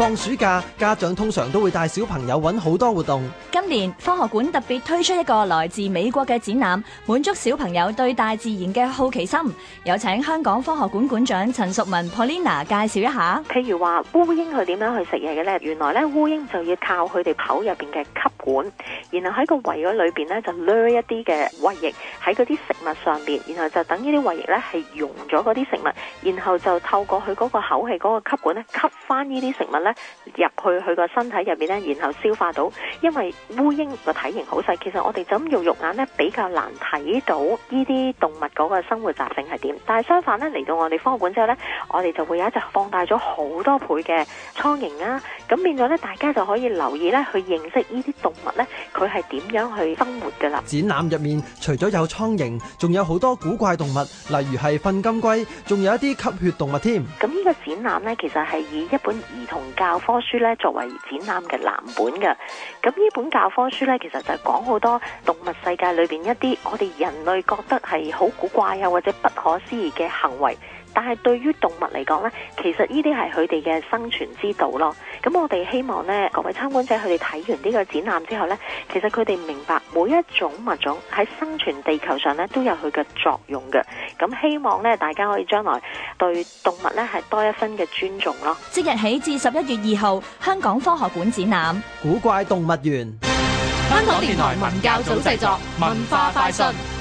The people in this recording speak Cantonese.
放暑假，家長通常都會帶小朋友揾好多活動。今年科學館特別推出一個來自美國嘅展覽，滿足小朋友對大自然嘅好奇心。有請香港科學館館長陳淑文 Polina 介紹一下。譬如話，烏蠅佢點樣去食嘢嘅咧？原來咧，烏蠅就要靠佢哋口入邊嘅吸管，然後喺個胃裏邊咧就掠一啲嘅胃液喺啲食物上邊，然後就等呢啲胃液咧係溶咗啲食物，然後就透過佢個口氣個吸管咧吸翻呢啲食物咧。入去佢個身體入面，咧，然後消化到，因為烏蠅個體型好細，其實我哋就咁用肉眼咧比較難睇到呢啲動物嗰個生活習性係點。但係相反咧，嚟到我哋科學館之後呢，我哋就會有一隻放大咗好多倍嘅蒼蠅啊，咁變咗呢，大家就可以留意咧去認識呢啲動物呢，佢係點樣去生活噶啦展覽入面除咗有蒼蠅，仲有好多古怪動物，例如係糞金龜，仲有一啲吸血動物添。咁呢個展覽呢，其實係以一本兒童。教科書咧作為展覽嘅藍本嘅，咁呢本教科書咧，其實就係講好多動物世界裏邊一啲我哋人類覺得係好古怪啊或者不可思議嘅行為。但係對於動物嚟講呢，其實呢啲係佢哋嘅生存之道咯。咁我哋希望呢，各位參觀者佢哋睇完呢個展覽之後呢，其實佢哋明白每一種物種喺生存地球上呢，都有佢嘅作用嘅。咁希望呢，大家可以將來對動物呢係多一分嘅尊重咯。即日起至十一月二號，香港科學館展覽《古怪動物園》。香港電台文教組製作，文化快訊。